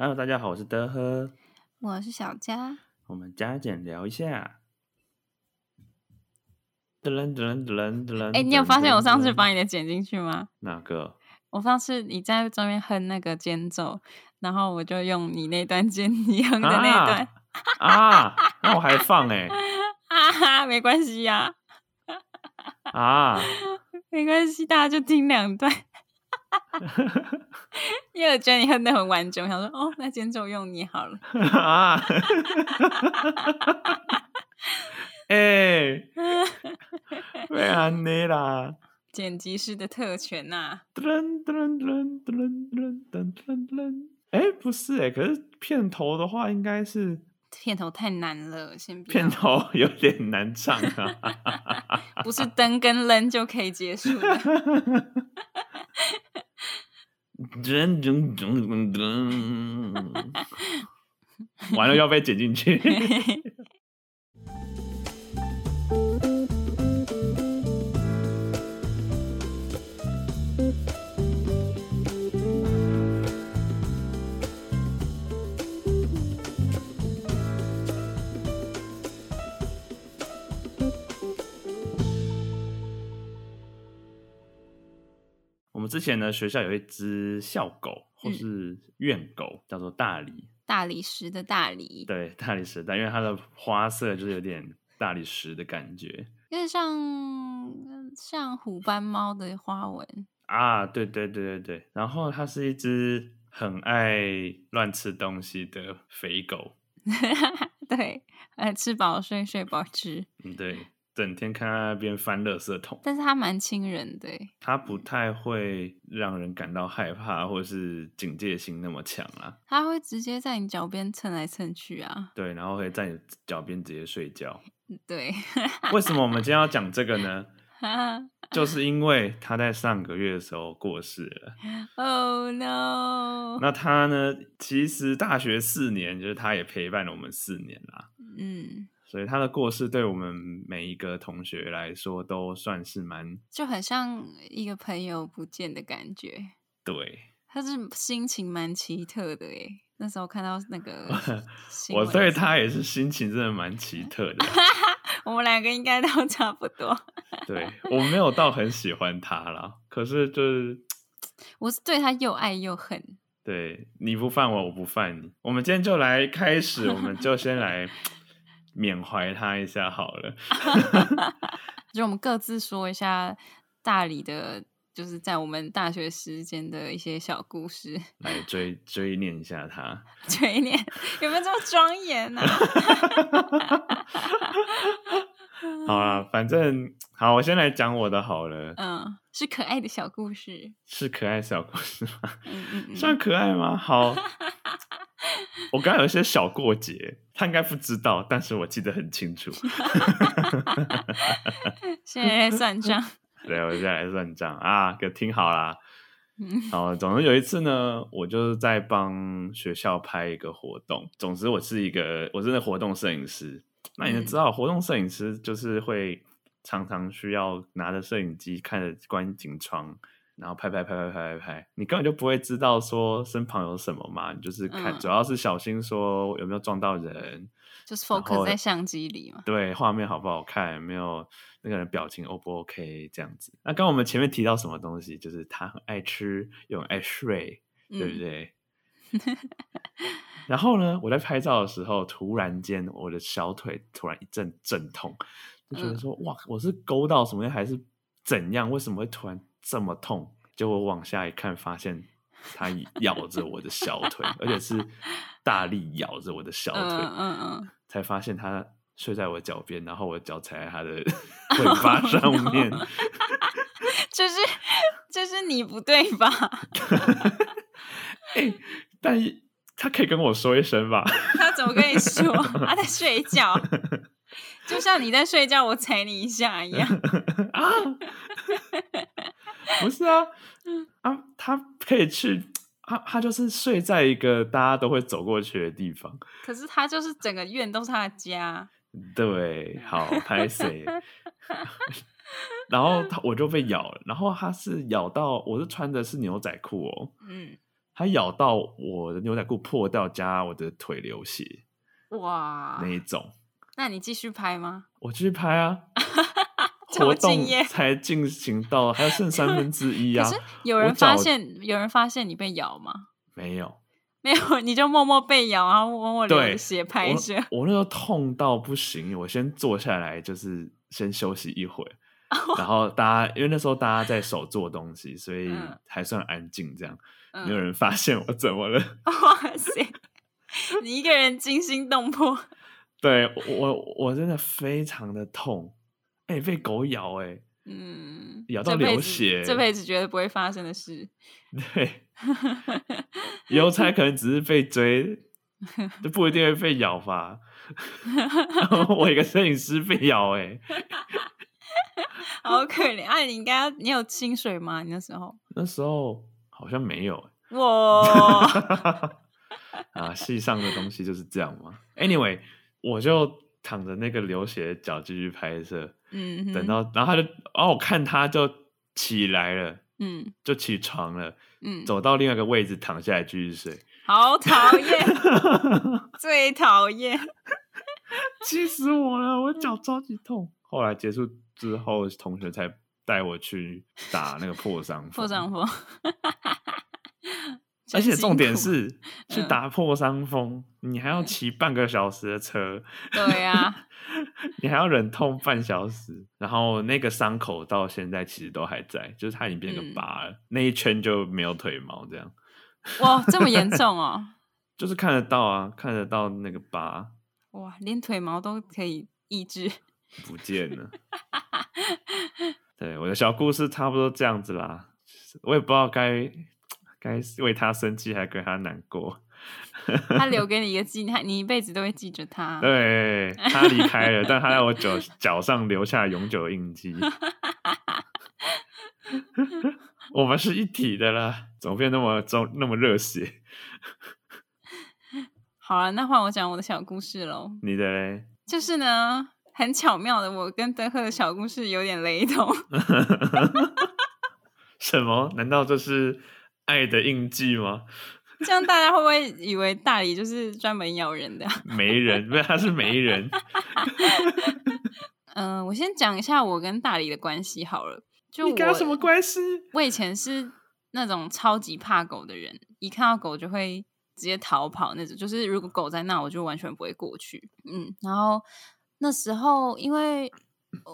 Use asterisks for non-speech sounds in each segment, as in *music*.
Hello，大家好，我是德赫，我是小加，我們加減聊一下。噔噔噔噔噔噔，哎，你有發現我上次把你的剪進去嗎？哪個？我上次你在這邊哼那個間奏，然後我就用你那段剪，你哼的那段啊。啊，那我還放哎、欸。啊哈，沒關係呀。啊，沒關係、啊啊，大家就聽兩段。哈哈，因為我覺得你恨得很完整，我想說，哦，那今天就用你好了。啊，哈哈哈哈哈哈！哎，會安內啦。剪輯師的特權吶。噔噔噔噔噔噔噔噔。哎，不是哎，可是片頭的話應該是。片頭太難了，先別，片頭有點難唱啊， *laughs* 不是蹬跟扔就可以結束， *laughs* *laughs* 完了要被剪進去。 *laughs* *laughs* 之前呢，學校有一只校狗，或是院狗，叫做大理、嗯。大理石的大理。對，大理石，但因為它的花色就是有點大理石的感覺，有點像像虎斑貓的花紋。啊，對對對對對。然後它是一只很愛亂吃東西的肥狗。 *laughs* 對，愛吃飽睡，睡飽吃。嗯，對。整天看他那邊翻垃圾桶，但是他蠻親人的，他不太會讓人感到害怕，或是警戒心那麼強啊。他會直接在你腳邊蹭來蹭去啊，對，然後會在你腳邊直接睡覺。對， *laughs* 為什麼我們今天要講這個呢？ *laughs* 就是因為他在上個月的時候過世了。Oh no！那他呢？其實大學四年，就是他也陪伴了我們四年啦。嗯。所以他的過世對我們每一個同學來說都算是蠻，就很像一個朋友不見的感覺。對，他是心情蠻奇特的誒。那時候看到那個， *laughs* 我對他也是心情真的蠻奇特的。 *laughs* 我們兩個應該都差不多 *laughs* 對。對我沒有到很喜歡他了，可是就是，我是對他又愛又恨。對，你不犯我，我不犯你。我們今天就來開始，我們就先來。 *laughs* 緬懷他一下好了， *laughs* 就我們各自說一下大理的，就是在我們大學時間的一些小故事，來追追念一下他。追念有沒有這麼莊嚴呢？ *laughs* *laughs* 好啊，反正好，我先來講我的好了。嗯，是可愛的小故事，是可愛的小故事嗎？嗯嗯嗯。算可愛嗎？好。 *laughs* 我剛有一些小過節，他應該不知道，但是我記得很清楚。 *laughs* *laughs* 現在算賬， *laughs* 對我現在來算賬啊，給聽好啦。嗯，然後總之有一次呢，我就是在幫學校拍一個活動。總之我是一個我是那個活動攝影師。那你知道，活動攝影師就是會常常需要拿着攝影機看着觀景窗。然後拍拍拍拍拍拍拍，你根本就不會知道說身旁有什麼嘛，你就是看，嗯、主要是小心說有沒有撞到人，就是 focus 後在相機裡嘛。對，畫面好不好看，沒有那個人表情 O、哦、不 OK 這樣子。那剛剛我們前面提到什麼東西，就是他很愛吃又很愛睡，嗯、對不對？ *laughs* 然後呢，我在拍照的時候，突然間我的小腿突然一陣陣痛，就覺得說、嗯、哇，我是勾到什麼，還是怎樣？為什麼會突然？這麼痛，就我往下一看，發現他咬着我的小腿， *laughs* 而且是大力咬着我的小腿，嗯嗯，嗯，才發現他睡在我腳邊，然後我腳踩在他的尾巴上面，oh, no. *laughs* 就是就是你不對吧？哎， *laughs* *laughs* 欸，但是他可以跟我說一聲吧？ *laughs* 他怎麼跟你說？他在睡覺， *laughs* 就像你在睡覺，我踩你一下一樣 *laughs* 啊。 *laughs* 不是啊，嗯、啊，他可以去，他他就是睡在一個大家都會走過去的地方。可是他就是整個院都是他的家。 *laughs* 對，好拍誰？ *laughs* 然後他我就被咬了，然後他是咬到我是穿的是牛仔褲哦，嗯，他咬到我的牛仔褲破掉，加我的腿流血，哇，那種。那你繼續拍嗎？我繼續拍啊。 *laughs* 活動才進行到，還有剩三分之一啊！ *laughs* 可是有人發現腳有人發現你被咬嗎？沒有， *laughs* 沒有，你就默默被咬，然後默默流血拍一下。我那時候痛到不行，我先坐下來，就是先休息一會。 *laughs* 然後大家，因為那時候大家在手做東西，所以還算安靜，這樣、 *laughs* 嗯、沒有人發現我怎麼了。 *laughs* 哇塞！你一個人驚心動魄， *laughs* 對，我我真的非常的痛。哎、欸，被狗咬哎、欸，嗯，咬到流血，這輩子絕對不會發生的事。對，郵差 *laughs* 可能只是被追， *laughs* 就不一定會被咬吧。 *laughs* *laughs* *laughs* 我一個攝影師被咬哎、欸， *laughs* 好可憐啊！你應該，你有清水嗎？你那時候那時候好像沒有、欸。我 *laughs* 啊，戲上的東西就是這樣嘛。Anyway，我就躺着那個流血的腳繼續拍攝。嗯，等到然後他就哦，我看他就起來了，嗯，就起床了，嗯，走到另外一個位置躺下來繼續睡。好討厭， *laughs* 最討厭，氣死我了！我腳超級痛。嗯、後來結束之後，同學才帶我去打那個破傷風破傷風。 *laughs* 而且重點是去打破傷風，嗯、你還要騎半個小時的車。對呀、啊， *laughs* 你還要忍痛半小時，然後那個傷口到現在其實都還在，就是它已經變個疤了，嗯、那一圈就沒有腿毛這樣。哇，這麼嚴重啊、哦！ *laughs* 就是看得到啊，看得到那個疤。哇，連腿毛都可以抑制，不見了。 *laughs* 對，我的小故事差不多這樣子啦，我也不知道該。該為他生氣，還跟他難過。 *laughs* 他留給你一個紀念，你你一輩子都會記着他。對，他離開了， *laughs* 但他在我腳腳上留下永久的印記。 *laughs* 我們是一體的啦，怎變那麼重，那麼熱血。好了、啊，那換我講我的小故事嘍。你的嘞？就是呢，很巧妙的，我跟德赫的小故事有點雷同。 *laughs* *laughs* 什麼？難道這是？愛的印記嗎？這樣大家會不會以為大理就是專門咬人的？媒人，不是，他是媒人。嗯 *laughs* 、呃，我先講一下我跟大理的關係好了。就我，你跟他什麼關係？我以前是那種超級怕狗的人，一看到狗就會直接逃跑那種。就是如果狗在那，我就完全不會過去。嗯，然後那時候，因為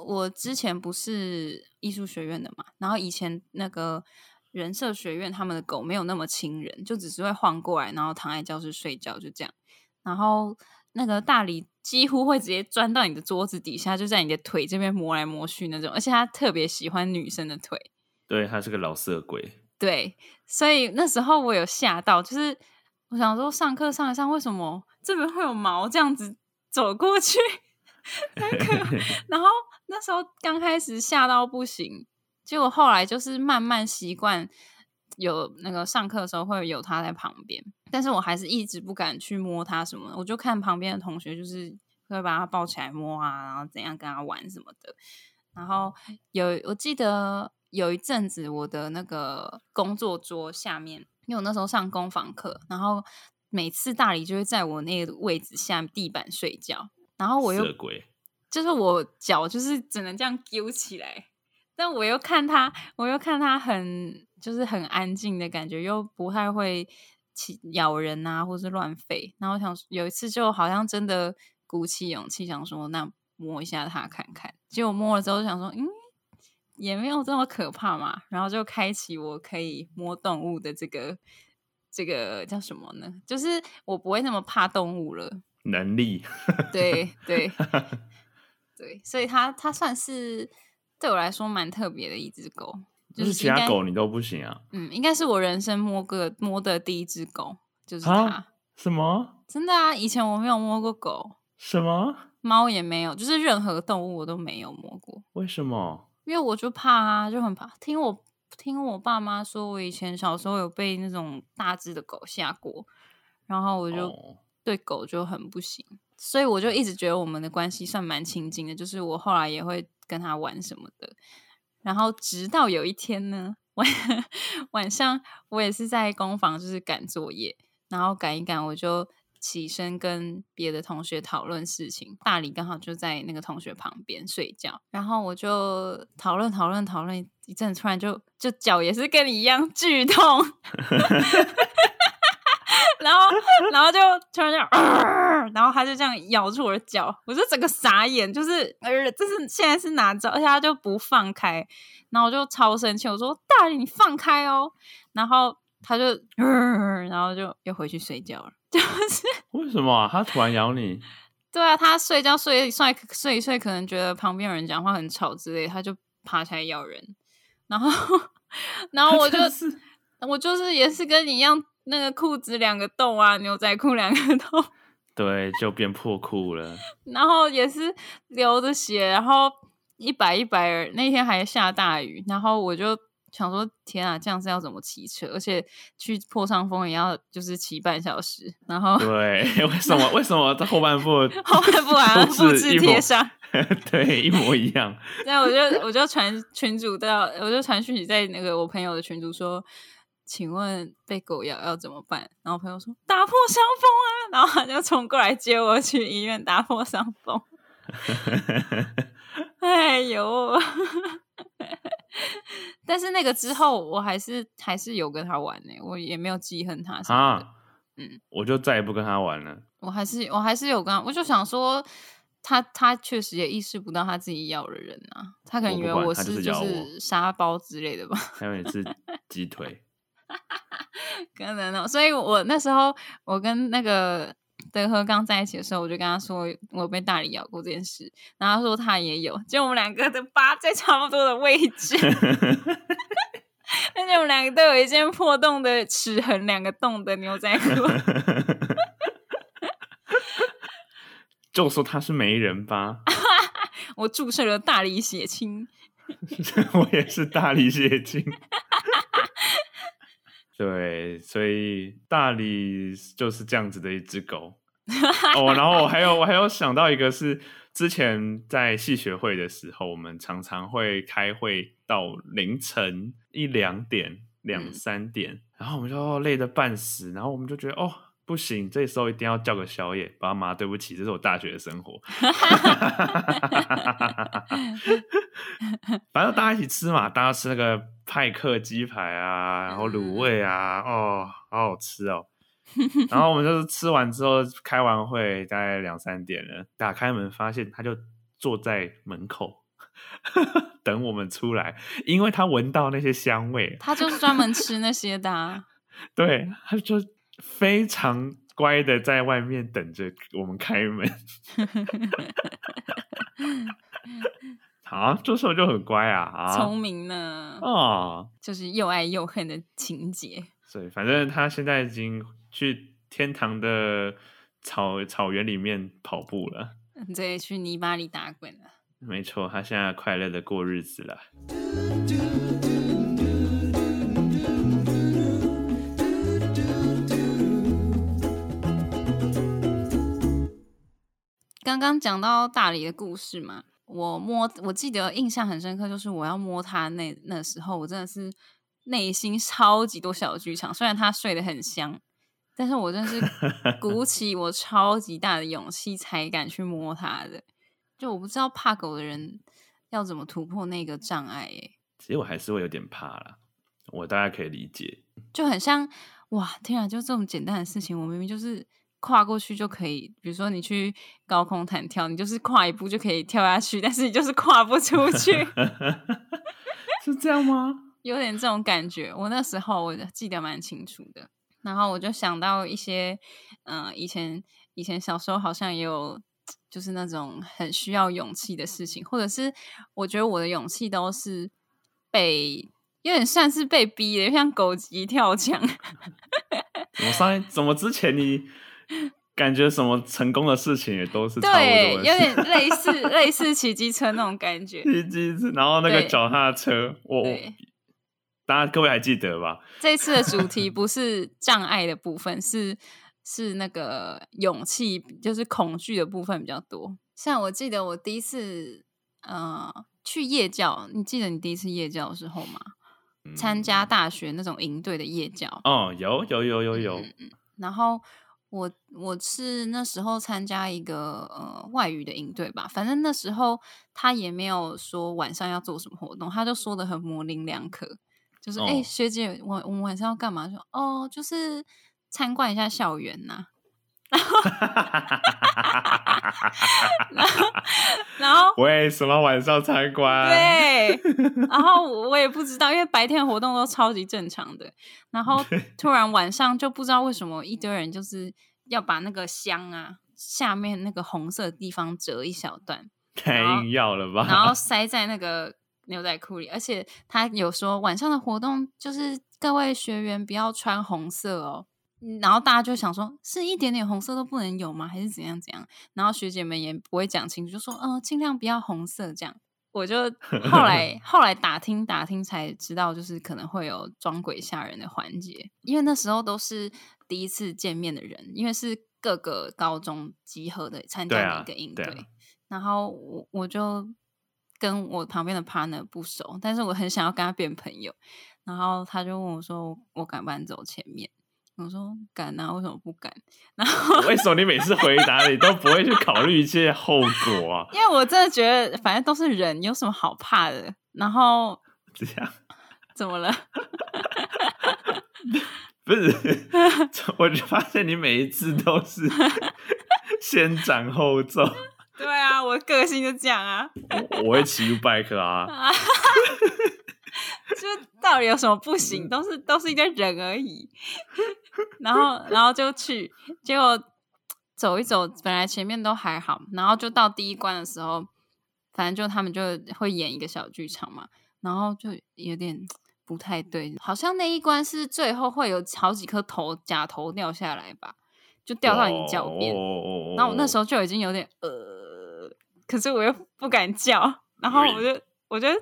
我之前不是藝術學院的嘛，然後以前那個。人社學院，他們的狗沒有那麼親人，就只是會晃過來，然後躺在教室睡覺，就這樣。然後那個大理幾乎會直接鑽到你的桌子底下，就在你的腿這邊磨來磨去那種。而且他特別喜歡女生的腿，對，他是個老色鬼。對，所以那時候我有嚇到，就是我想說上課上一上，為什麼這邊會有毛這樣子走過去？ *laughs* 可 *laughs* 然後那時候剛開始嚇到不行。結果後來就是慢慢習慣，有那個上課的時候會有他在旁邊，但是我還是一直不敢去摸他什麼的。我就看旁邊的同學，就是會把他抱起來摸啊，然後怎樣跟他玩什麼的。然後有，我記得有一陣子，我的那個工作桌下面，因為我那時候上工坊課，然後每次大理就會在我那個位置下地板睡覺，然後我又鬼就是我腳就是只能這樣縮起來。但我又看它，我又看它很就是很安靜的感覺，又不太會咬人啊，或是亂吠。然後我想有一次就好像真的鼓起勇氣想說，那摸一下它看看。結果摸了之後想說，嗯，也沒有這麼可怕嘛。然後就開啟我可以摸動物的這個這個叫什麼呢？就是我不會那麼怕動物了。能力對。對對 *laughs* 對，所以它它算是。對我來說蠻特別的一隻狗，就是，是其他狗你都不行啊。嗯，應該是我人生摸個摸的第一隻狗，就是它。啊？什麼？真的啊！以前我沒有摸過狗，什麼貓也沒有，就是任何動物我都沒有摸過。為什麼？因為我就怕啊，就很怕。聽我聽我爸媽說，我以前小時候有被那種大隻的狗嚇過，然後我就對狗就很不行，哦。所以我就一直覺得我們的關係算蠻親近的。就是我後來也會。跟他玩什麼的，然後直到有一天呢，晚晚上我也是在工房就是趕作業，然後趕一趕我就起身跟別的同學討論事情，大理剛好就在那個同學旁邊睡覺，然後我就討論討論討論一陣，突然就就腳也是跟你一樣劇痛， *laughs* *laughs* *laughs* 然後然後就突然就、啊然後他就這樣咬住我的腳，我就整個傻眼，就是呃，這是現在是哪招，而且他就不放開。然後我就超生氣，我說：“大理你放開哦！”然後他就、呃、然後就又回去睡覺了。就是為什麼、啊、他突然咬你？ *laughs* 對啊，他睡覺睡一睡睡一睡，可能覺得旁邊有人講話很吵之類，他就爬起來咬人。然後，然後我就是我就是也是跟你一樣，那個褲子兩個洞啊，牛仔褲兩個洞。對，就變破褲了， *laughs* 然後也是流着血，然後一擺一擺，那天還下大雨，然後我就想說：天啊，這樣子要怎麼騎車？而且去破傷風也要就是騎半小時。然後對，為什麼為什麼在後半部 *laughs* 後半部啊？複製貼上，對，一模一樣。那我就我就傳群組要，我就傳訊息在那個我朋友的群組說。請問被狗咬要怎麼辦？然後朋友說 *laughs* 打破傷風啊，然後他就衝過來接我去醫院打破傷風。 *laughs* *laughs* 哎呦！ *laughs* 但是那個之後，我還是還是有跟他玩呢、欸，我也沒有記恨他什麼啊。嗯，我就再也不跟他玩了。我還是我還是有跟他，我就想說他他確實也意識不到他自己咬了人啊，他可能以為我是，是就是沙包之類的吧，他以為是雞腿。 *laughs* 可能哦， *laughs* 所以我那時候我跟那個德和剛在一起的時候，我就跟他說我被大理咬過這件事，然後他說他也有，就我們兩個的疤在差不多的位置，而且我們兩個都有一件破洞的齒痕兩個洞的牛仔褲，就說他是沒人吧， *laughs* 我注射了大理血清， *laughs* *laughs* 我也是大理血清。 *laughs* 對，所以大理就是這樣子的一只狗 *laughs* 哦。然後我還有，我還有想到一個是，是之前在系學會的時候，我們常常會開會到凌晨一兩點、兩三點，嗯、然後我們就累得半死，然後我們就覺得哦，不行，這時候一定要叫個宵夜。爸媽，對不起，這是我大學的生活。 *laughs* *laughs* *laughs* 反正大家一起吃嘛，大家吃那個。派克雞排啊，然後滷味啊，嗯、哦，好好吃哦。 *laughs* 然後我們就是吃完之後，開完會大概兩三點了，打開門發現他就坐在門口 *laughs* 等我們出來，因為他聞到那些香味。他就是專門吃那些的、啊。 *laughs* 對，他就非常乖的在外面等着我們開門。 *laughs* *laughs* 啊、這時候就很乖啊！聰明呢，啊，哦，就是又愛又恨的情節。所以反正他現在已經去天堂的草草原裡面跑步了，嗯、對，去泥巴裡打滾了。沒錯，他現在快樂的過日子了。剛剛講到大理的故事嘛。我摸，我記得印象很深刻，就是我要摸它那那時候我真的是內心超級多小劇場。雖然它睡得很香，但是我真的是鼓起我超級大的勇氣才敢去摸它的。就我不知道怕狗的人要怎麼突破那個障礙欸。其實我還是會有點怕啦。我大家可以理解。就很像哇天啊，就這麼簡單的事情，我明明就是。跨過去就可以，比如說你去高空彈跳，你就是跨一步就可以跳下去，但是你就是跨不出去，是 *laughs* *laughs* 這樣嗎？有點這種感覺。我那時候我記得蠻清楚的，然後我就想到一些，嗯、呃，以前以前小時候好像也有，就是那種很需要勇氣的事情，或者是我覺得我的勇氣都是被有點算是被逼的，像狗急跳牆。 *laughs* 怎麼上？怎麼之前你？感覺什麼成功的事情也都是差不多的，對，有點類似類似騎機車那種感覺。騎機車，然後那個腳踏車，我，大家各位還記得吧？這次的主題不是障礙的部分， *laughs* 是是那個勇氣，就是恐懼的部分比較多。像我記得我第一次，呃，去夜教，你記得你第一次夜教的時候嗎？參、嗯、加大學那種營隊的夜教？哦、嗯，有有有有有、嗯，然後。我我是那時候參加一個呃外語的營隊吧，反正那時候他也沒有說晚上要做什麼活動，他就說得很模棱兩可，就是誒、哦欸、學姐我我們晚上要幹嘛？說哦就是參觀一下校園吶、啊。然後，然後，為什麼晚上參觀？對，然後，然後我，我也不知道，因為白天活動都超級正常的，然後突然晚上就不知道為什麼一堆人就是要把那個香啊下面那個紅色的地方折一小段，太硬要了吧？然後塞在那個牛仔褲裡，而且他有說晚上的活動就是各位學員不要穿紅色哦。然後大家就想說，是一點點紅色都不能有嗎？還是怎樣怎樣？然後學姐們也不會講清楚，就說，嗯、呃，盡量不要紅色這樣。我就後來 *laughs* 後來打聽打聽才知道，就是可能會有裝鬼嚇人的環節，因為那時候都是第一次見面的人，因為是各個高中集合的參加的一個營隊。對啊對啊。然後我我就跟我旁邊的 partner 不熟，但是我很想要跟他變朋友。然後他就問我說，我敢不敢走前面？我說敢啊，為什麼不敢？然後為什麼你每次回答你都不會去考慮一切後果啊？ *laughs* 因為我真的覺得，反正都是人，有什麼好怕的？然後這樣怎麼了？ *laughs* 不是，我就發現你每一次都是先斬後奏。 *laughs* 對啊，我個性就這樣啊。我會騎 ubike 啊。就到底有什麼不行？都是都是一個人而已。 *laughs* *laughs* 然後，然後就去，結果走一走，本來前面都還好，然後就到第一關的時候，反正就他們就會演一個小劇場嘛，然後就有點不太對，好像那一關是最後會有好幾顆頭，假頭掉下來吧，就掉到你腳邊，那、oh, 我那時候就已經有點呃，可是我又不敢叫，oh. 然後我就。我覺得，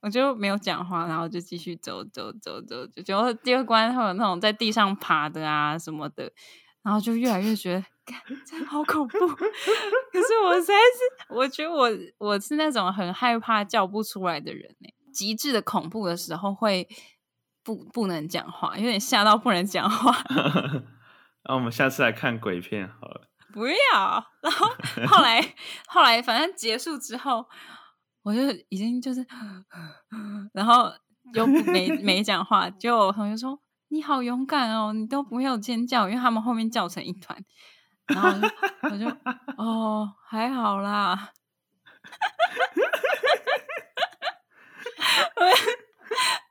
我就沒有講話，然後就繼續走走走走，就第二關會有那種在地上爬的啊什麼的，然後就越來越覺得，真 *laughs* 好恐怖。 *laughs* 可是我實在是，我覺得我我是那種很害怕叫不出來的人呢，極致的恐怖的時候會不不能講話，有點嚇到不能講話。然後、 *laughs* 啊、我們下次來看鬼片好了。不要。然後後來 *laughs* 後來，反正結束之後。我就已經就是，然後又沒沒講話，就同學說：“你好勇敢哦，你都不要尖叫，因為他們後面叫成一團。”然後我就，我就：“哦，還好啦。 *laughs* ”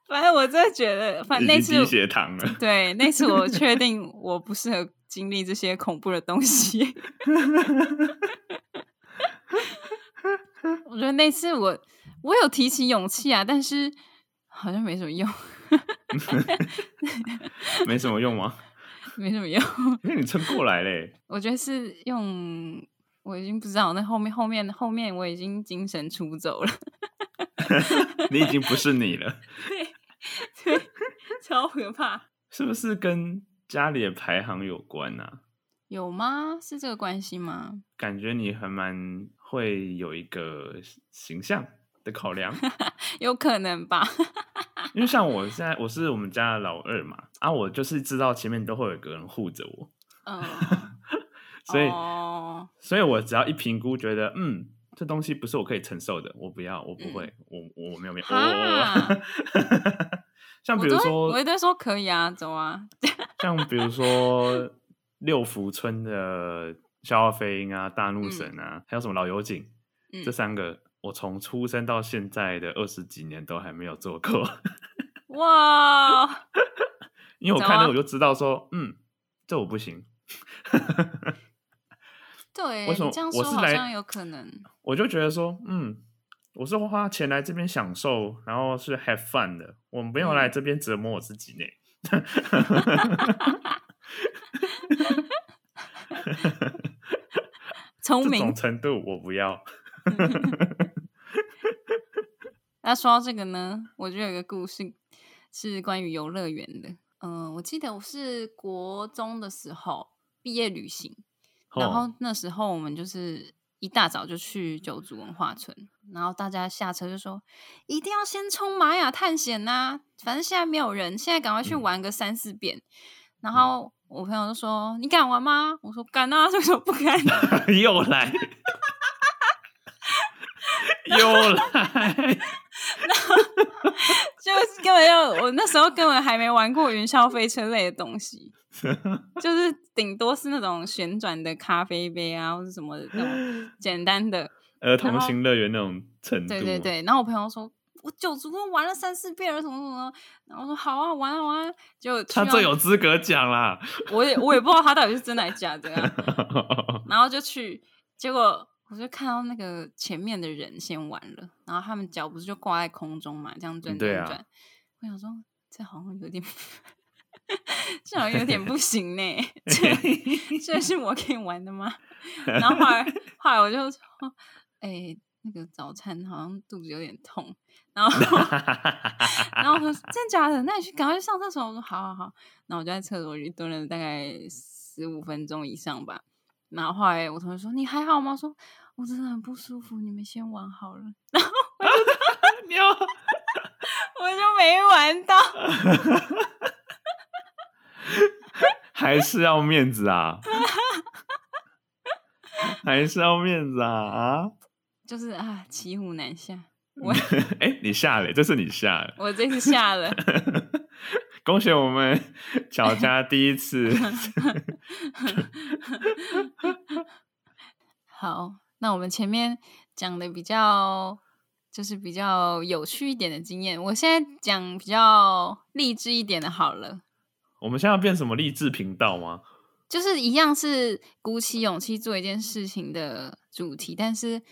反正我真的覺得，反正那次，對，那次我確定我不適合經歷這些恐怖的東西。 *laughs* 我覺得那次我我有提起勇氣啊，但是好像沒什麼用， *laughs* *laughs* 沒什麼用嗎？沒什麼用，因為你撐過來嘞、欸。我覺得是用，我已經不知道。那後面後面後面，後面我已經精神出走了。 *laughs* *laughs* 你已經不是你了，對對，超可怕。 *laughs* 是不是跟家裡的排行有關啊？有嗎？是這個關係嗎？感覺你還蠻。會有一個形象的考量， *laughs* 有可能吧？ *laughs* 因為像我現在我是我們家的老二嘛，啊，我就是知道前面都會有個人護着我，所以、呃、 *laughs* 所以，哦、所以我只要一評估，覺得嗯，這東西不是我可以承受的，我不要，我不會，嗯、我我沒有沒有，我哈 *laughs* 像比如說，我都說可以啊，走啊！ *laughs* 像比如說六福村的。笑傲飛鷹啊，大怒神啊，嗯、還有什麼老油井？嗯、這三個我從出生到現在的二十幾年都還沒有做過。哇、哦！ *laughs* 因為我看到我就知道說，啊、嗯，這我不行。 *laughs* 對，我從你這樣說好像有可能我，我就覺得說，嗯，我是花錢來這邊享受，然後是 have fun 的，我沒有來這邊折磨我自己呢。 *laughs* *laughs* 哈聰 *laughs* 明程度我不要。那、 *laughs* 啊、說到這個呢，我就有一個故事是關於遊樂園的。嗯、呃，我記得我是國中的時候畢業旅行，然後那時候我們就是一大早就去九族文化村，嗯、然後大家下車就說一定要先衝瑪雅探險吶、啊，反正現在沒有人，現在趕快去玩個三四遍。嗯然後我朋友就說：“你敢玩嗎？”我說：“敢啊，所以說不敢？” *laughs* 又來 *laughs* 然後，又來 *laughs* *laughs* 然後，就是根本就我那時候根本還沒玩過雲霄飛車類的東西，就是頂多是那種旋轉的咖啡杯啊，或者什麼那種簡單的兒童型樂園那種程度。對對對，然後我朋友說。我就足夠玩了三四遍了，什麼什麼的，然後說好啊，玩玩玩，啊，就他最有資格講啦。我也我也不知道他到底是真還是假的，啊，這樣。然後就去，結果我就看到那個前面的人先玩了，然後他們腳不是就掛在空中嘛，這樣轉轉轉。啊、我想說，這好像有點，這 *laughs* 好像有點不行呢，欸。這 *laughs* *laughs* 這是我可以玩的嗎？然後後來後來我就說，哎，欸。那個早餐好像肚子有點痛，然後 *laughs* 然後我說：“真假的？那你去趕快去上廁所。”我說：“好好好。”然後我就在廁所裡蹲了大概十五分鐘以上吧。然後後來我同學說：“你還好嗎？”說：“我真的很不舒服，”你們先玩好了，然後我，就 *laughs* *laughs* 我就沒玩到，我就哈玩到，還是要面子啊， *laughs* 還是要面子啊啊！就是啊，騎虎難下。我哎、欸，你下了，欸，這是你下了。我這次下了， *laughs* 恭喜我們喬家第一次。 *laughs* *laughs* 好，那我們前面講的比較就是比較有趣一點的經驗，我現在講比較勵志一點的好了。我們現在要變什麼勵志頻道嗎？就是一樣是鼓起勇氣做一件事情的主題，但是。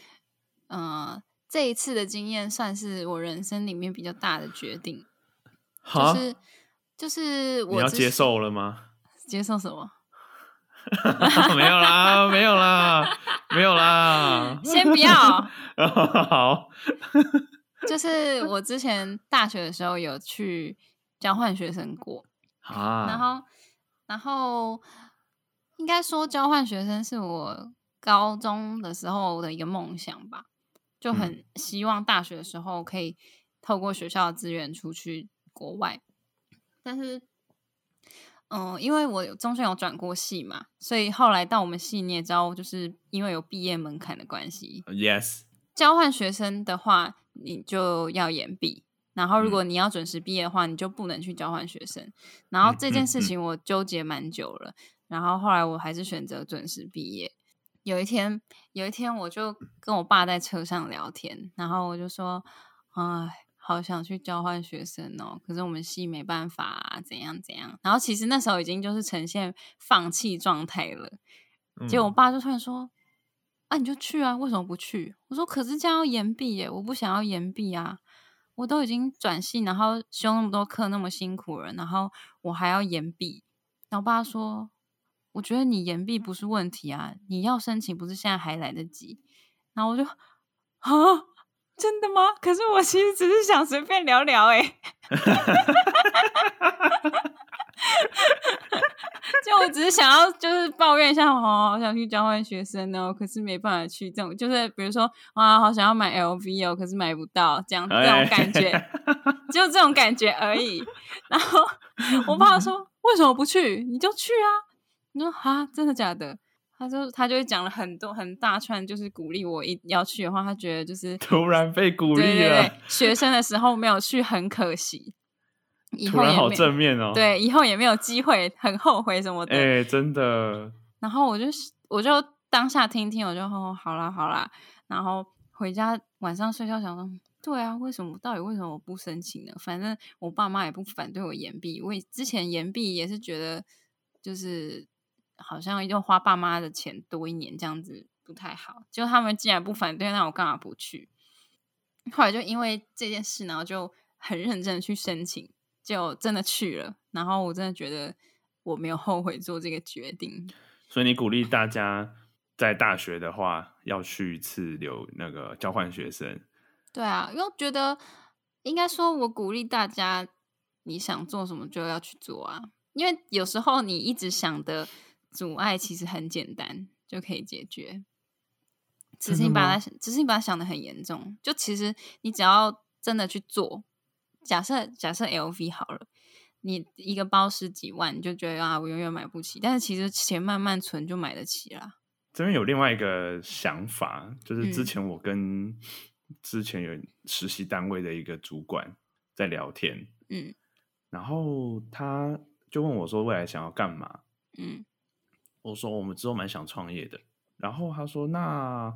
嗯、呃，這一次的經驗算是我人生裡面比較大的決定。好哈、就是，就是我你要接受了嗎？接受什麼？ *laughs* 沒有啦，沒有啦， *laughs* 沒有啦。先不要。好， *laughs* 就是我之前大學的時候有去交換學生過啊。哈然後，然後應該說交換學生是我高中的時候的一個夢想吧。就很希望大學的時候可以透過學校的資源出去國外，但是，嗯、呃，因為我中間有轉過系嘛，所以後來到我們系你也知道，就是因為有畢業門檻的關係。哦，Yes，交換學生的話，你就要延畢，然後如果你要準時畢業的話，嗯、你就不能去交換學生。然後這件事情我糾結蠻久了，嗯、然後後來我還是選擇準時畢業。有一天，有一天，我就跟我爸在車上聊天，然後我就說：“哎，好想去交換學生哦，喔，可是我們系沒辦法，啊，怎樣怎樣。”然後其實那時候已經就是呈現放棄狀態了。結果我爸就突然說：“啊，你就去啊，為什麼不去？”我說：“可是這樣要延畢耶，我不想要延畢啊，我都已經轉系，然後修那麼多課，那麼辛苦了，然後我還要延畢。”然後我爸說。我覺得你延畢不是問題啊，你要申請不是現在還來得及？然後我就啊，真的嗎？可是我其實只是想隨便聊聊哎、欸。 *laughs* *laughs* 就我只是想要就是抱怨一下哦，好想去交換學生哦，可是沒辦法去這種，就是比如說哇、啊，好想要買 LV 哦，可是買不到這樣這種感覺，哎哎哎，就這種感覺而已。 *laughs* 然後我爸說：“為什麼不去？你就去啊。”你說真的假的？他就他就講了很多很大串，就是鼓勵我一要去的話，他覺得就是突然被鼓勵了對對對。學生的時候沒有去，很可惜。突然好正面哦，對，以後也沒有機會，很後悔什麼的。哎、欸，真的。然後我就我就當下聽聽，我就說、哦、好啦好啦。然後回家晚上睡覺，想說對啊，為什麼到底為什麼我不申請呢？反正我爸媽也不反對我延畢，我之前延畢也是覺得就是。好像又花爸媽的錢多一年，這樣子不太好。就他們既然不反對，那我幹嘛不去？後來就因為這件事，然後就很認真的去申請，就真的去了。然後我真的覺得我沒有後悔做這個決定。所以你鼓勵大家在大學的話、啊、要去一次留那個交換學生。對啊，因為覺得應該說，我鼓勵大家，你想做什麼就要去做啊。因為有時候你一直想的。阻礙其實很簡單，就可以解決。只是你把它，只是你把它想得很嚴重。就其實你只要真的去做，假設假設 LV 好了，你一個包十幾萬，你就覺得啊，我永遠買不起。但是其實錢慢慢存就買得起啦。這邊有另外一個想法，就是之前我跟之前有實習單位的一個主管在聊天，嗯，然後他就問我說：“未來想要幹嘛？”嗯。我說我們之後蠻想創業的，然後他說：“那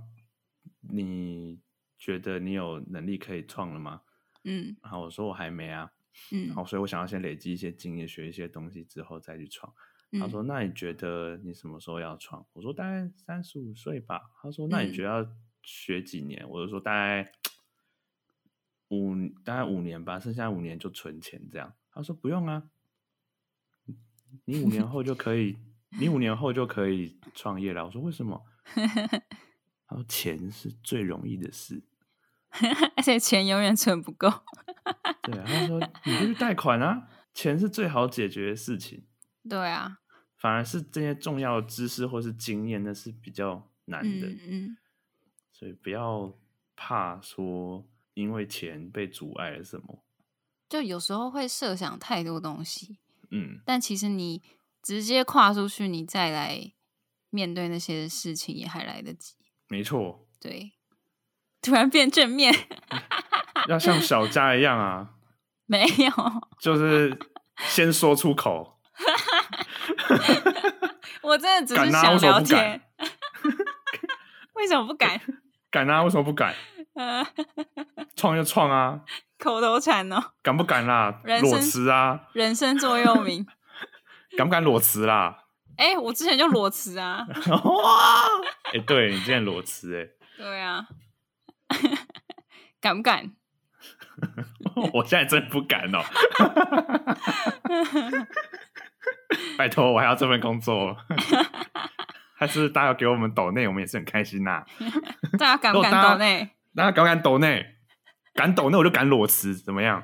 你覺得你有能力可以創了嗎？”嗯，然後我說：“我還沒啊。”嗯，然後所以我想要先累積一些經驗，學一些東西之後再去創。嗯，他說：“那你覺得你什麼時候要創？”我說：“大概三十五歲吧。”他說：“那你覺得要學幾年？”嗯，我就說：“大概五，大概五年吧，剩下五年就存錢這樣。”他說：“不用啊，你五年後就可以。”你五年後就可以創業了。我說，為什麼？ *laughs* 他說，錢是最容易的事， *laughs* 而且錢永遠存不夠。 *laughs* 對啊，他說，你就去貸款啊，錢是最好解決的事情。對啊，反而是這些重要的知識或是經驗，那是比較難的。嗯，嗯，所以不要怕說因為錢被阻礙了什麼，就有時候會設想太多東西。嗯，但其實你。直接跨出去，你再來面對那些事情也還來得及。沒錯，對，突然變正面， *laughs* 要像小加一樣啊！沒有，就是先說出口。 *laughs* 我真的只是想了解，為什麼不敢？敢啊！為什麼不敢？創就創啊！ *laughs* 口頭禪哦，敢不敢啦？裸辭啊！人生座右銘。 *laughs* 敢不敢裸辭啦？哎、欸，我之前就裸辭啊！哇 *laughs* 、欸！對，你之前裸辭哎、欸？對啊，敢不敢？ *laughs* 我現在真不敢哦、喔！ *laughs* *laughs* 拜託，我還要這份工作。 *laughs* 還是大家要給我們抖內，我們也是很開心啊。 *laughs* 大家敢不敢抖內？大家敢不敢抖內？ *laughs* 敢抖內我就敢裸辭，怎麼樣？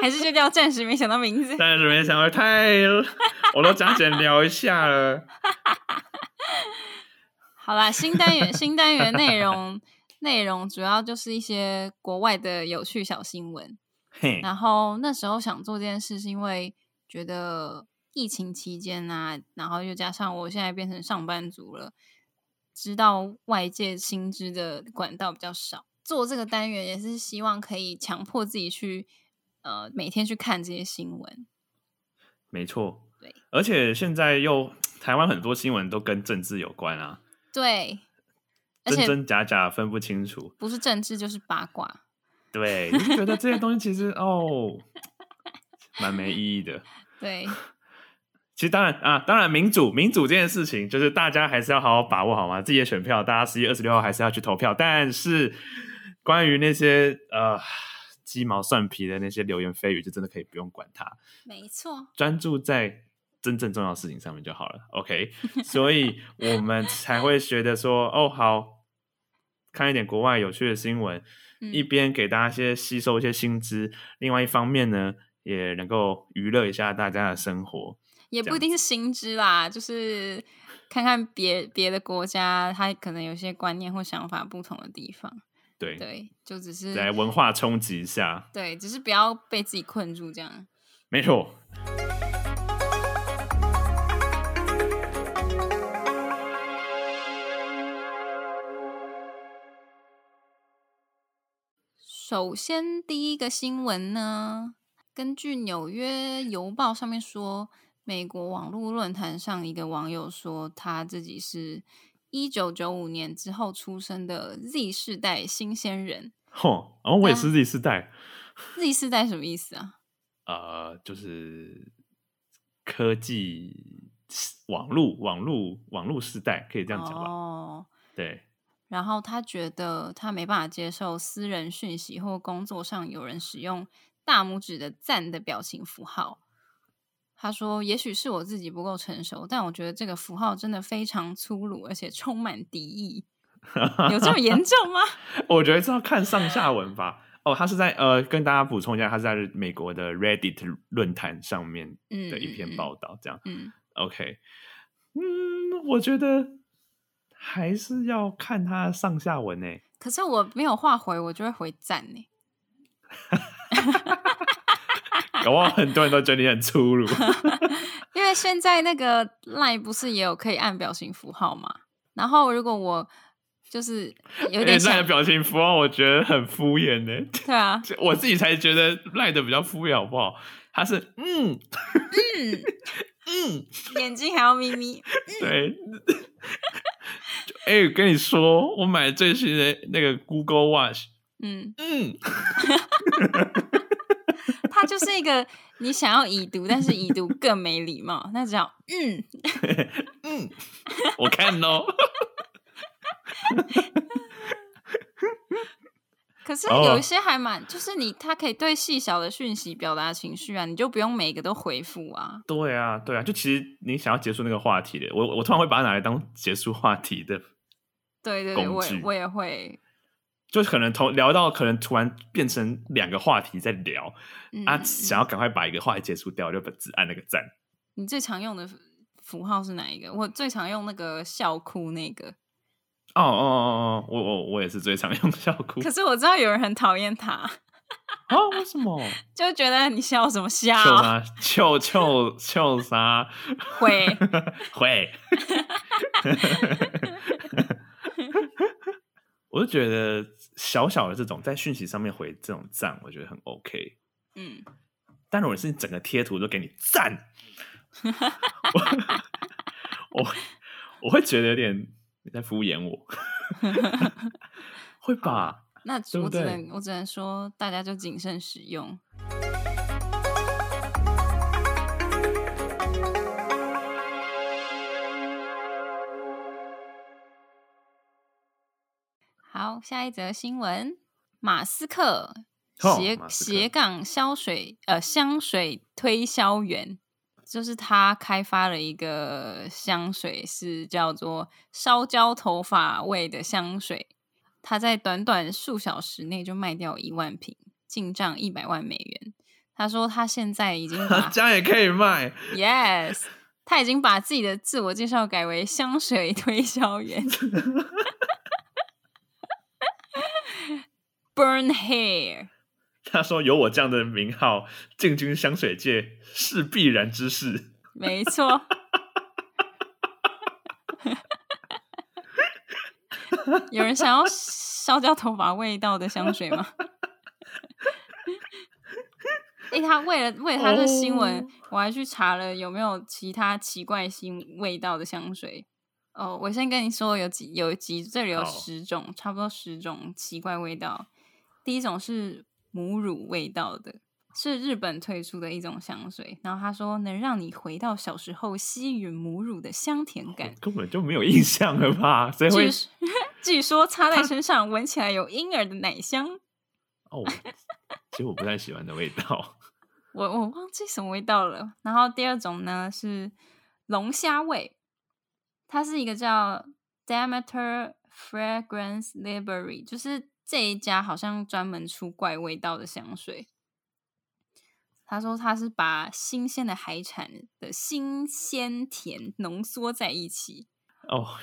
還是就叫暫時沒想到名字？暫時沒想到太，我都講起來聊一下了。 *laughs* 好啦，新單元新單元內容內容主要就是一些國外的有趣小新聞。 *laughs* 然後那時候想做這件事，是因為覺得疫情期間啊，然後又加上我現在變成上班族了，知道外界新知的管道比較少，做這個單元也是希望可以強迫自己去。呃，每天去看這些新聞，沒錯錯。對，而且現在又台灣很多新聞都跟政治有關啊。對，真真假假分不清楚，不是政治就是八卦。對，你覺得這些東西其實 *laughs* 哦，蠻沒意義的。對，其實當然啊，當然民主民主這件事情，就是大家還是要好好把握，好嗎？自己的選票，大家十一月二十六號還是要去投票。但是關於那些呃。雞毛蒜皮的那些流言蜚語，就真的可以不用管它。沒錯錯，專注在真正重要的事情上面就好了。OK，所以我們才會覺得說， *laughs* 哦，好，看一點國外有趣的新聞，嗯、一邊給大家先吸收一些新知，另外一方面呢，也能夠娛樂一下大家的生活。也不一定是新知啦， *laughs* 就是看看別別的國家，他可能有些觀念或想法不同的地方。對，對，就只是來文化衝擊一下。對，只是不要被自己困住這樣。沒錯錯。首先，第一個新聞呢，根據《紐約郵報》上面說，美國網絡論壇上一個網友說，他自己是。一九九五年之後出生的 Z 世代新鮮人，嚯，哦，然後我也是 Z 世代。Z 世代什麼意思啊？呃，就是科技、網絡、網絡、網絡世代，可以這樣講吧？哦，對。然後他覺得他沒辦法接受私人訊息或工作上有人使用大拇指的讚的表情符號。他說：“也許是我自己不夠成熟，但我覺得這個符號真的非常粗魯，而且充滿敵意。 *laughs* 有這麼嚴重嗎？” *laughs* 我覺得這要看上下文吧。哦，他是在呃跟大家補充一下，他是在美國的 Reddit 論壇上面的一篇報道，這樣。嗯，嗯，OK，嗯，我覺得還是要看他上下文呢、欸。可是我沒有話回，我就會回讚呢、欸。 *laughs* *laughs* 搞不好很多人都覺得你很粗魯， *laughs* 因為現在那個 LINE 不是也有可以按表情符號嘛？然後如果我就是有點像、欸、那的表情符號，我覺得很敷衍呢、欸。對啊， *laughs* 我自己才覺得 LINE 的比較敷衍，好不好？他是嗯嗯嗯， *laughs* 嗯眼睛還要眯眯。嗯、對，哎、 *laughs* 欸，跟你說，我買最新的那個 Google Watch。嗯嗯。嗯 *laughs* *laughs* 就是一個你想要已讀，但是已讀更沒禮貌， *laughs* 那這樣嗯 *laughs* *noise* 我看嘍。 *laughs* *laughs* 可是有一些還蠻，就是你他可以對細小的訊息表達情緒啊，你就不用每個都回復啊。對啊，對啊，就其實你想要結束那個話題的，我我突然會把它拿來當結束話題的。對對對，我我也會。就可能同聊到可能突然變成兩個話題在聊，嗯嗯，啊，想要趕快把一個話題結束掉，就把只按那個讚。你最常用的符號是哪一個？我最常用那個笑哭那個。哦哦哦哦，我我我也是最常用的笑哭。可是我知道有人很討厭他。哦，oh, 為什麼？就覺得你笑什麼笑？灰笑啥灰？笑笑笑啥？會會。我就覺得。小小的這種在訊息上面回這種讚，我覺得很 OK。嗯，但如果是整個貼圖都給你讚， *laughs* 我我會覺得有點你在敷衍我。 *laughs* 會吧？那我只能對對，我只能說，大家就謹慎使用。下一則新聞：馬斯克、oh, 斜、馬斯克斜槓香水，呃，香水推銷員，就是他開發了一個香水，是叫做“燒焦頭髮味”的香水。他在短短數小時內就賣掉一萬瓶，進賬一百萬美元。他說他現在已經家 *laughs* 也可以賣，yes，他已經把自己的自我介紹改為香水推銷員。 *laughs* Burn hair，他說：“有我這樣的名號，進軍香水界是必然之事。沒錯”沒錯，有人想要燒焦頭髮味道的香水嗎？哎、 *laughs* 欸，他為了為了他的新聞，oh. 我還去查了有沒有其他奇怪新味道的香水。哦、oh,，我先跟你說，有幾有幾這裡有十種，oh. 差不多十種奇怪味道。第一種是母乳味道的，是日本推出的一種香水。然後他說，能讓你回到小時候吸吮母乳的香甜感，根本就沒有印象了吧？所以據，據說擦在身上，聞起來有嬰兒的奶香。哦，其實我不太喜歡的味道， *laughs* 我我忘記什麼味道了。然後第二種呢是龍蝦味，它是一個叫 Demeter Fragrance Library，就是。這一家好像專門出怪味道的香水。他說他是把新鮮的海產的新鮮甜濃縮在一起哦。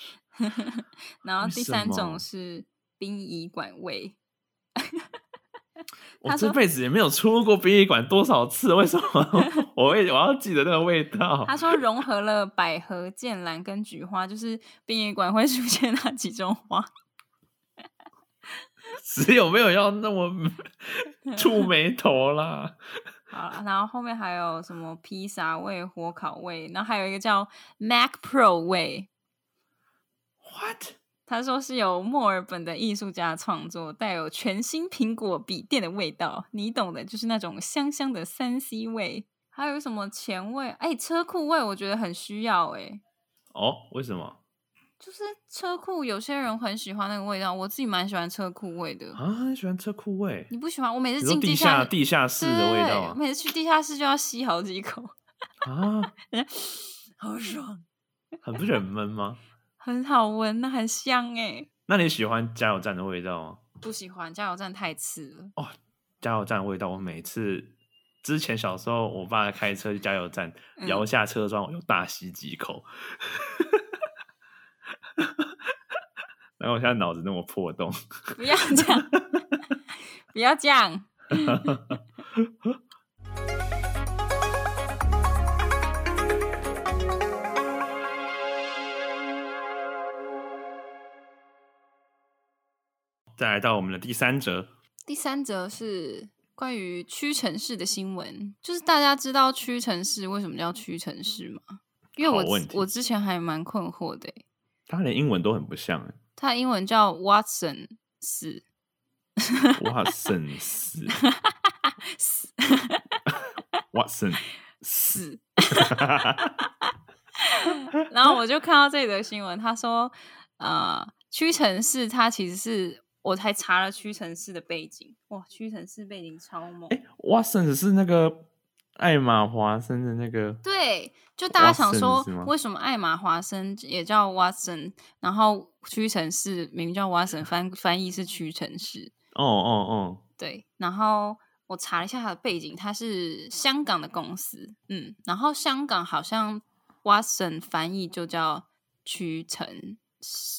*laughs* 然後第三種是殯儀館味。 *laughs* 他說我這輩子也沒有出過殯儀館多少次，為什麼我？我我要記得那個味道。 *laughs* 他說融合了百合、劍蘭跟菊花，就是殯儀館會出現那幾種花。只有沒有要那麼觸霉頭啦。好，然後後面還有什麼披薩味、火烤味，然後還有一個叫 Mac Pro 味。What？他說是由墨爾本的藝術家創作，帶有全新蘋果筆電的味道，你懂的，就是那種香香的三 C 味。還有什麼前味？哎、欸，車庫味，我覺得很需要誒、欸。哦，為什麼？就是車庫，有些人很喜歡那個味道，我自己蠻喜歡車庫味的啊，喜歡車庫味，你不喜歡？我每次進地，地下，地下室的味道，啊，每次去地下室就要吸好幾口啊， *laughs* 好爽，很不忍悶嗎？ *laughs* 很好聞，那很香哎，欸。那你喜歡加油站的味道嗎？不喜歡，加油站太刺了。哦，加油站的味道，我每次之前小時候，我爸開車去加油站，搖、嗯、下車窗，我就大吸幾口。 *laughs* 然後 *laughs* 我現在腦子那麼破洞， *laughs* 不要這樣， *laughs* 不要這樣。 *laughs* *laughs* *laughs* 再來到我們的第三則，第三則是關於屈臣氏的新聞，就是大家知道屈臣氏為什麼叫屈臣氏嗎？因為我我之前還蠻困惑的。他連英文都很不像誒，他英文叫 Watson 四，Watson 四，Watson 四。然後我就看到這則新聞，他說，啊、呃、屈臣氏他其實是我才查了屈臣氏的背景，哇，屈臣氏背景超猛，哎、欸、，Watson 是那個。艾瑪華森的那個，對，就大家想說為什麼艾瑪華森也叫 Watson，然後屈臣氏明明叫 Watson，翻翻譯是屈臣氏哦哦哦，oh, oh, oh. 對，然後我查了一下它的背景，它是香港的公司，嗯，然後香港好像 Watson 翻譯就叫屈臣，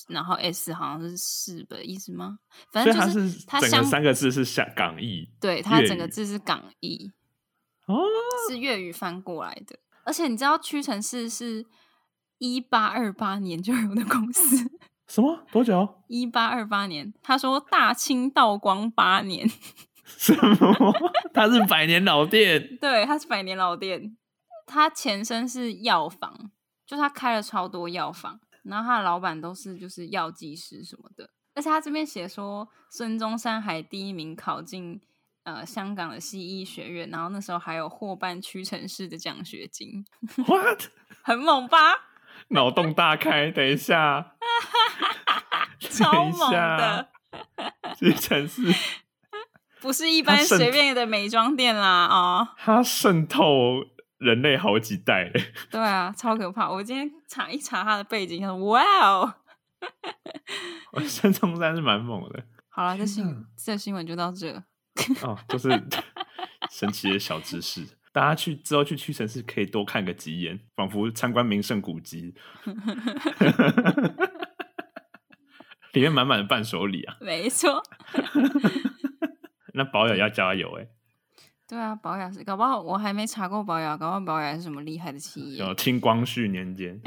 然後 S 好像是氏的意思嗎？反正就是它整個三個字是香港譯，語對，它整個字是港譯。哦，是粵語翻過來的，而且你知道屈臣氏是一八二八年就有的公司，什麼多久？一八二八年，他說大清道光八年，什麼？他是百年老店？ *laughs* 對，他是百年老店，他前身是藥房，就是、他開了超多藥房，然後他的老闆都是就是藥劑師什麼的，而且他這邊寫說孫中山還第一名考進。呃，香港的西醫學院，然後那時候還有獲頒屈臣氏的獎學金 *laughs* ，What? 很猛吧？腦洞大開，等一下， *laughs* 超猛的，等一下，屈臣氏， *laughs* 不是一般隨便的美妝店啦啊，它滲滲、哦、透人類好幾代，對啊，超可怕！我今天查一查它的背景，哇哦，孫 *laughs* 中山是蠻猛的。好了，這新 Yeah. 這新聞就到這。 *laughs* 哦，就是神奇的小知識。大家去之後去屈臣氏可以多看個幾眼，仿彿參觀名勝古蹟， *laughs* 裡面滿滿的伴手禮啊，沒錯錯。 *laughs* 那寶雅要加油哎、欸！對啊，寶雅是搞不好我還沒查過寶雅，搞不好寶雅是什麼厲害的企業？有清光緒年間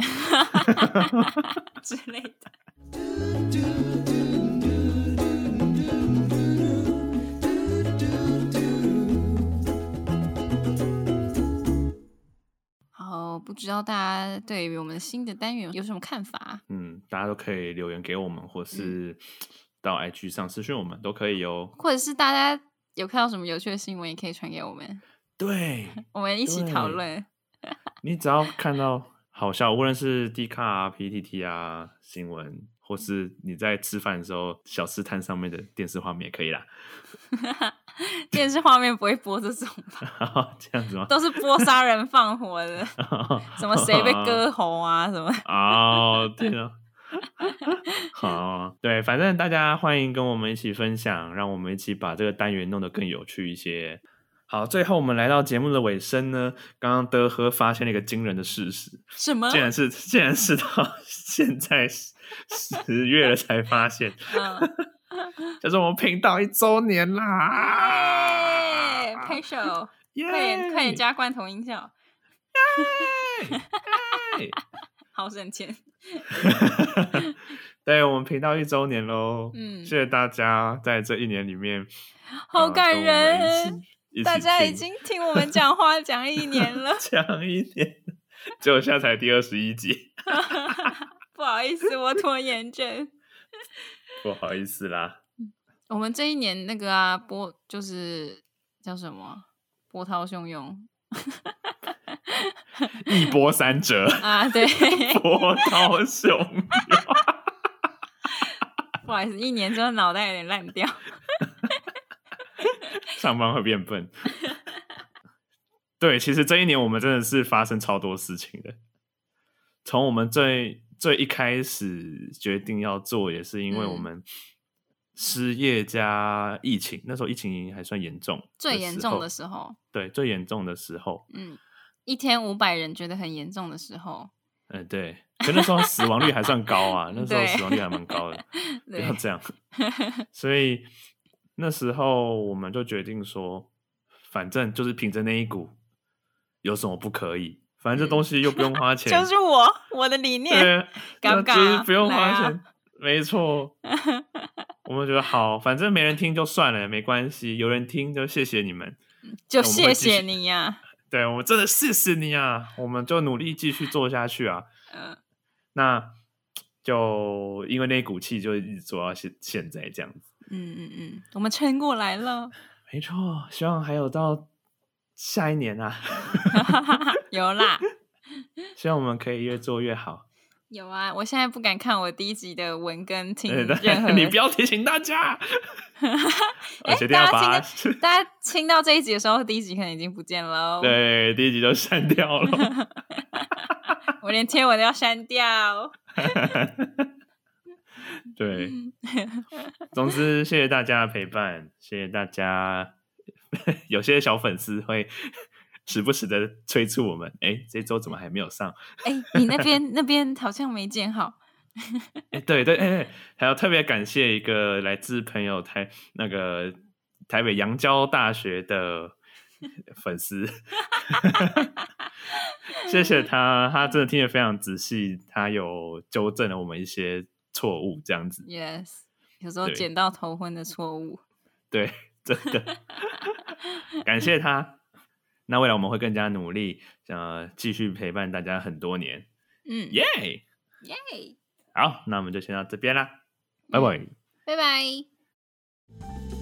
之類的。我不知道大家對於我們新的單元有什麼看法？嗯，大家都可以留言給我們，或是到 IG 上私訊我們都可以哦，或者是大家有看到什麼有趣的新聞，也可以傳給我們。對，我們一起討論。對 *laughs* 你只要看到好笑，無論是 D 卡啊、PTT 啊、新聞，或是你在吃飯的時候小吃攤上面的電視畫面，也可以啦。 *laughs* 電視畫面不會播這種吧 *laughs* 這樣子嗎？都是播殺人放火的， *laughs* 哦、什麼誰被割喉啊，哦、什麼？哦，對了， *laughs* 好，對，反正大家歡迎跟我們一起分享，讓我們一起把這個單元弄得更有趣一些。好，最後我們來到節目的尾聲呢，剛剛德和發現了一個驚人的事實，什麼嗎？竟然是竟然是到現在十月了才發現。 *laughs* *laughs* 就是我們頻道一周年啦！拍手 Yeah, Special. Yeah.，快點快點加罐頭音效！Yeah, yeah. *laughs* 好省錢！ *laughs* 對，我們頻道一周年嘍！嗯，謝謝大家在這一年裡面，好感人！呃、大家已經聽我們講話講一年了，講 *laughs* 一年，結果現在才第二十一集。 *laughs* *laughs* 不好意思，我拖延症。不好意思啦，我們這一年那個啊，波就是叫什麼？波濤洶湧， *laughs* 一波三折啊，對，波濤洶湧。 *laughs* 不好意思，一年之後腦袋有點爛掉， *laughs* 上班會變笨。對，其實這一年我們真的是發生超多事情的，從我們最。最一開始決定要做，也是因為我們失業加疫情，嗯、那時候疫情還算嚴重，最嚴重的時候，對，最嚴重的時候，時候嗯，一天五百人覺得很嚴重的時候，嗯，對，跟那時候死亡率還算高啊， *laughs* 那時候死亡率還蠻高的，不要對這樣，對所以那時候我們就決定說，反正就是憑着那一股，有什麼不可以。反正這東西又不用花錢， *laughs* 就是我我的理念，對，尷尬，那其實不用花錢，沒錯。我們覺得好，反正沒人聽就算了，沒關係。有人聽就謝謝你們，就謝謝你呀、啊。對我們真的謝謝你呀、啊，我們就努力繼續做下去啊。嗯、呃，那就因為那股氣，就一直做到現現在這樣子。嗯嗯嗯，我們撐過來了。沒錯，希望還有到。下一年啊， *laughs* *laughs* 有啦！希望我們可以越做越好。有啊，我現在不敢看我第一集的文跟聽任何，你不要提醒大家。欸，大家聽到， *laughs* 大家聽到這一集的時候，第一集可能已經不見了。對，第一集都刪掉了。 *laughs* *laughs* 我連貼文都要刪掉。 *laughs* 對，總之，謝謝大家的陪伴，謝謝大家。 *laughs* 有些小粉絲會時不時的催促我們：“哎、欸，這周怎麼還沒有上？”哎、欸，你那邊 *laughs* 那邊好像沒剪好。哎、 *laughs* 欸，對對，哎、欸，還要特別感謝一個來自朋友台那個台北陽交大學的粉絲， *laughs* 謝謝他，他真的聽得非常仔細，他有糾正了我們一些錯誤，這樣子。Yes，有時候剪到頭昏的錯誤。對。真的， *laughs* 感謝他。那未來我們會更加努力，想要繼續陪伴大家很多年。嗯，耶 Yeah! Yay，耶。好，那我們就先到這邊啦。拜拜，拜拜、yeah。